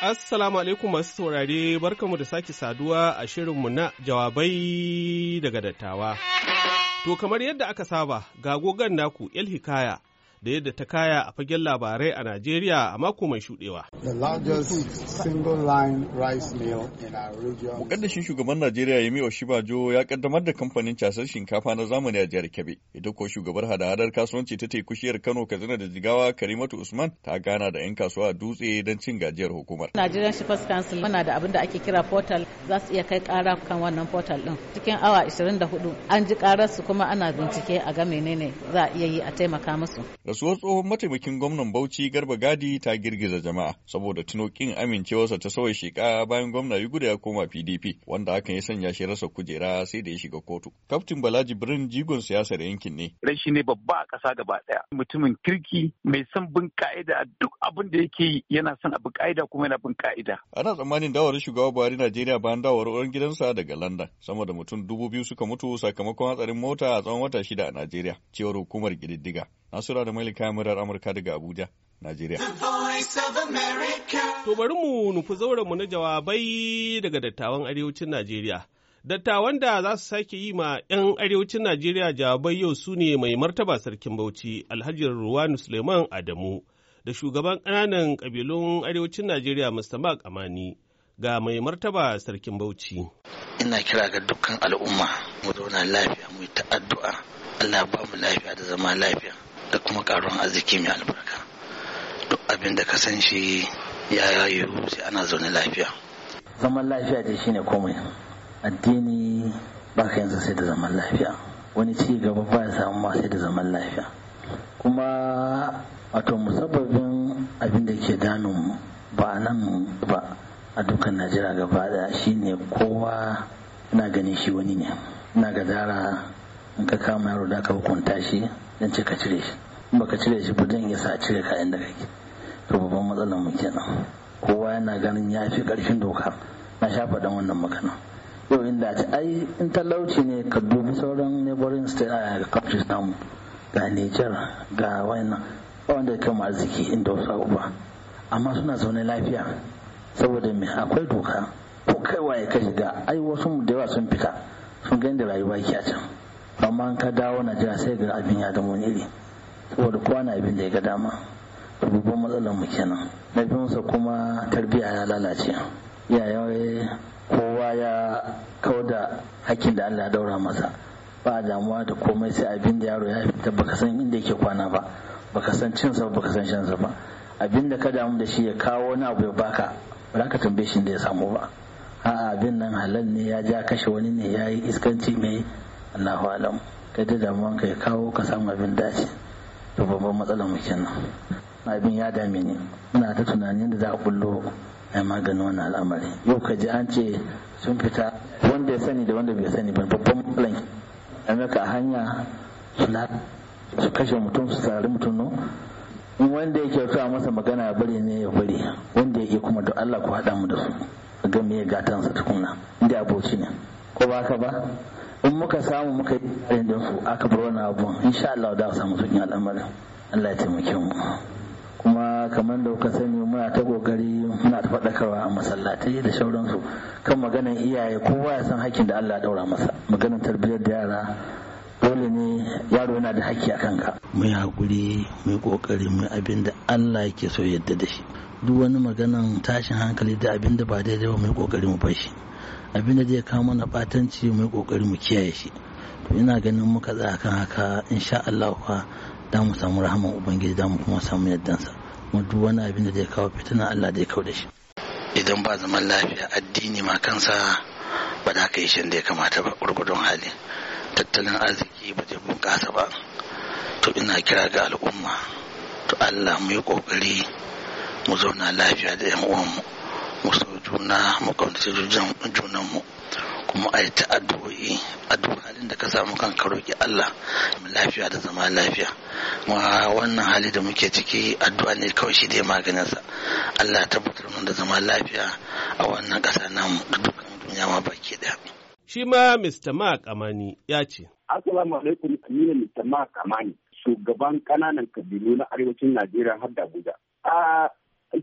Assalamu alaikum masu saurare barkamu da sake saduwa a shirinmu na jawabai daga dattawa. To kamar yadda aka saba ga gogon naku El Hikaya da yadda ta kaya a fagen labarai a Najeriya a mako mai shudewa. Mukaddashin shugaban Najeriya Yemi Oshibajo ya kaddamar da kamfanin casar shinkafa na zamani a jihar Kebbi. Ita ko shugabar hada-hadar kasuwanci ta teku shiyar Kano Katsina da Jigawa Karimatu Usman ta gana da 'yan kasuwa a dutse don cin gajiyar hukumar. Nigerian Shippers Council muna da abin da ake kira portal za su iya kai kara kan wannan portal din. Cikin awa 24 an ji karar su kuma ana bincike a ga ne za a iya yi a taimaka musu. Rasuwar tsohon mataimakin gwamnan Bauchi Garba Gadi ta girgiza jama'a saboda tuno kin amincewarsa ta sauya sheka bayan gwamna Yuguda ya koma PDP wanda hakan ya sanya shi rasa kujera sai da ya shiga kotu. Kaftin Balaji birin jigon siyasar yankin ne. Rashi ne babba a ƙasa gaba ɗaya. Mutumin kirki mai son bin ka'ida duk abin da yake yi yana son abin ka'ida kuma yana bin ka'ida. Ana tsammanin dawar shugaba Buhari Najeriya bayan dawar uwar gidansa daga London. Sama da mutum dubu biyu suka mutu sakamakon hatsarin mota a tsawon wata shida a Najeriya, cewar hukumar kididdiga Nasura da Malika murar Amurka daga Abuja, Najeriya. To bari mu nufi zauren mu na jawabai daga dattawan arewacin Najeriya. Dattawan da za su sake yi ma 'yan arewacin Najeriya jawabai yau su ne mai martaba sarkin Bauchi Alhaji Ruwanu Suleiman Adamu da shugaban ƙananan ƙabilun arewacin Najeriya Mr. Mark Amani ga mai martaba sarkin Bauchi. Ina kira ga dukkan al'umma mu zauna lafiya mu yi ta'addu'a Allah ba mu lafiya da zama lafiya. da kuma karuwan arziki mai albarka duk abin da ka san shi ya yayu sai ana zaune lafiya zaman lafiya dai shine komai addini ba ka yanzu sai da zaman lafiya wani ci gaba ba ya samu ma sai da zaman lafiya kuma wato musabbabin abin da ke danu ba nan ba a dukkan najeriya gaba da shine kowa na ganin shi wani ne na gadara in ka kama yaro da ka hukunta shi dan ce ka cire shi in baka cire shi ba zan iya sa a cire kayan da kake to babban matsalar mu kenan kowa yana ganin ya fi ƙarfin doka na sha faɗan wannan magana yau inda ce ai in talauci ne ka dubi sauran neighboring state ah, a countries namu ga Niger ga wannan wanda ya kama arziki inda wasu abubuwa. amma suna zaune lafiya saboda me akwai doka ko kaiwa ya ka shiga ai wasu mu da yawa sun fita sun gani da rayuwa ke a can amma ka dawo na jiya sai ga abin ya wani iri saboda na abin da ya ga dama to babban matsalar mu kenan na biyunsa kuma tarbiyya ya lalace iyayen kowa ya kawo da hakkin da allah ya daura masa ba damuwa da komai sai abin da yaro ya fita baka san inda yake kwana ba baka san cin ba baka san sa ba abin da ka damu da shi ya kawo wani abu ya baka ba za ka tambaye shi da ya samu ba a'a abin nan halal ne ya ja kashe wani ne ya yi iskanci mai Allahu alam kai da damuwan ka ya kawo ka samu abin dace to babban matsalar mu kenan abin ya dame ni muna ta tunanin da za a bullo a maganin wannan al'amari yau ka ji an ce sun fita wanda ya sani da wanda bai sani ba babban matsalar amurka a hanya su kashe mutum su tsari mutum no in wanda ya kyauta masa magana ya bari ne ya bari wanda ya iya kuma da Allah ku haɗa mu da su ga me sa tukuna inda aboci ne ko ba ka ba in muka samu muka yi ɗin su aka bar wani abu insha Allah da samu sauƙin al'amarin Allah ya taimake mu kuma kamar da kuka sani muna ta kokari muna ta faɗakarwa a masallatai da sauransu kan maganar iyaye kowa ya san hakkin da Allah ya daura masa maganar tarbiyyar da yara dole ne yaro yana da hakki a kanka mu yi hakuri mu yi kokari mu abin da Allah yake so yadda da shi duk wani maganan tashin hankali da abin da ba daidai ba mai yi kokari mu bar abinda zai kawo mana batanci mu yi kokari mu kiyaye shi to ina ganin muka tsaya kan haka insha Allah kuwa da mu samu rahaman ubangiji da mu kuma samu yaddansa mu duk wani abin da zai kawo fitina Allah zai kawo da shi idan ba zaman lafiya addini ma kansa ba da kai da ya kamata ba gurgudun hali tattalin arziki ba zai bunƙasa ba to ina kira ga al'umma to Allah mu yi ƙoƙari mu zauna lafiya da 'yan uwan mu. mu so juna mu kaunace junan mu kuma a yi ta addu'o'i a duk halin da ka samu kan ka roƙi Allah lafiya da zama lafiya ma wannan hali da muke ciki addu'a ne kawai shi dai sa, Allah tabbatar mun da zama lafiya a wannan ƙasa namu da dukkan duniya ma baki daya Shi ma Mr. Mark Amani ya ce. Assalamu alaikum Aminu Mr. Mark Amani shugaban ƙananan kabilu na arewacin Najeriya har da Abuja. A ah,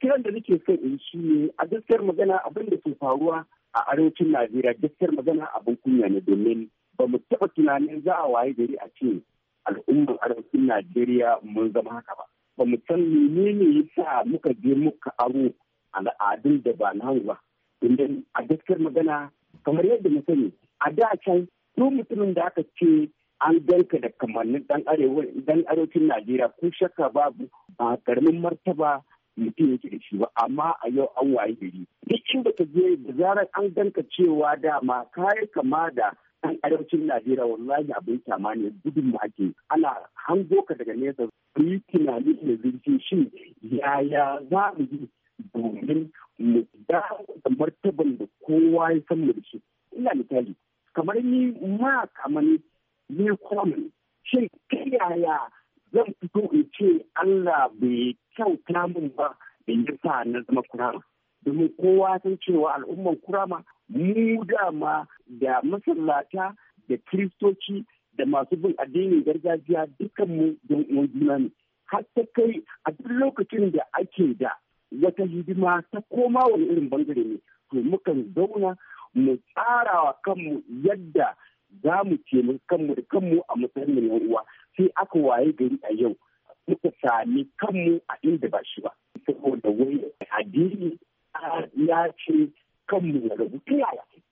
kiran da nake son in shi ne a gaskiyar magana abin da ke faruwa a arewacin najeriya gaskiyar magana abin kunya ne domin ba mu taɓa tunanin za a waye gari a ce al'ummar arewacin najeriya mun zama haka ba ba mu san menene yasa muka je muka aro al'adun da ba na ba idan a gaskiyar magana kamar yadda na sani a da can duk mutumin da aka ce an ganka da kamannin dan arewacin najeriya ko shakka babu ba karamin martaba mutum yake da shi ba amma a yau an waye gari duk inda ka je da zarar an ganka cewa dama kayi kama da ɗan arewacin najeriya wallahi abin kyama ne gudun da ake ana hango ka daga nesa ku yi tunani da zurfi shi yaya za mu yi domin mu dawo da martaban da kowa ya san mu da shi ina misali kamar ni ma kamar ni ne shin ta yaya zan fito in ce Allah bai kyauta min ba da sa na zama kurama. Domin kowa san cewa al'umman kurama mu dama da masallata da kiristoci da masu bin addinin gargajiya dukanmu don uwan juna ne. Har ta kai a duk lokacin da ake da wata hidima ta koma wani irin bangare ne to mukan zauna mu tsara kanmu yadda za mu ce kanmu da kanmu a matsayin yan uwa sai aka waye gari a yau muka sami kanmu a inda ba shi ba saboda wai addini ya ce kanmu ya rabu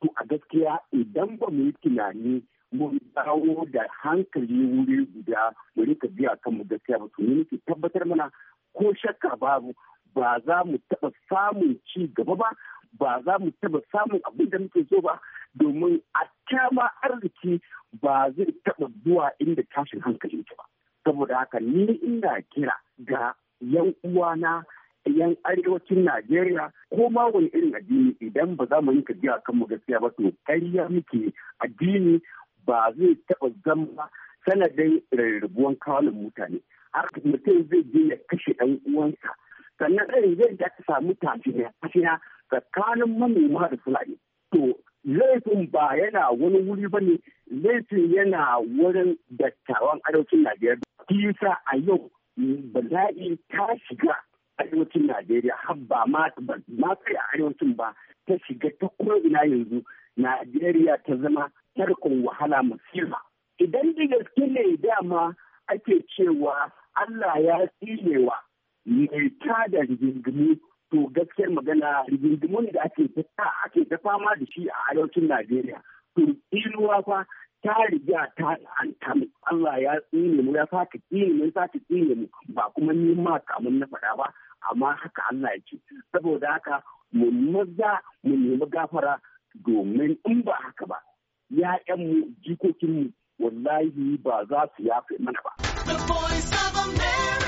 to a gaskiya idan ba mu yi tunani mun dawo da hankali wuri guda mu rika biya kanmu gaskiya ba to ne tabbatar mana ko shakka babu ba za mu taɓa samun ci gaba ba ba za mu taɓa samun abin da muke so ba domin ba zai taɓa zuwa inda tashin hankalin ba saboda haka ni ina kira ga yan uwana yan arewacin Najeriya ko ma wani irin addini idan ba za mu yi kajiya kan mu gaskiya ba to ƙarya muke addini ba zai taɓa zama sanadin rarrabuwan kawalin mutane haka mutum zai je ya kashe ɗan uwansa sannan irin zai da ka samu tafiya tsakanin manoma da fulani to laifin ba yana wani wuri ba ne laifin yana wurin dattawan arewacin najeriya kisa a yau ba bala'i ta shiga arewacin najeriya har ba ma kai a arewacin ba ta shiga ta ko'ina yanzu najeriya ta zama tarkon wahala musiba idan da gaske ne dama ake cewa allah ya tsinewa mai tada rigingimu to gaskiyar magana rigindimun da ake ta ake ta fama da shi a arewacin Najeriya to inuwa fa ta riga ta la'anta mu Allah ya tsine mu ya saka tsine mu ya tsine mu ba kuma ni ma kamun na faɗa ba amma haka Allah ya ce saboda haka mu maza mu nemi gafara domin in ba haka ba ya'yanmu jikokinmu wallahi ba za su yafe mana ba. The voice of America.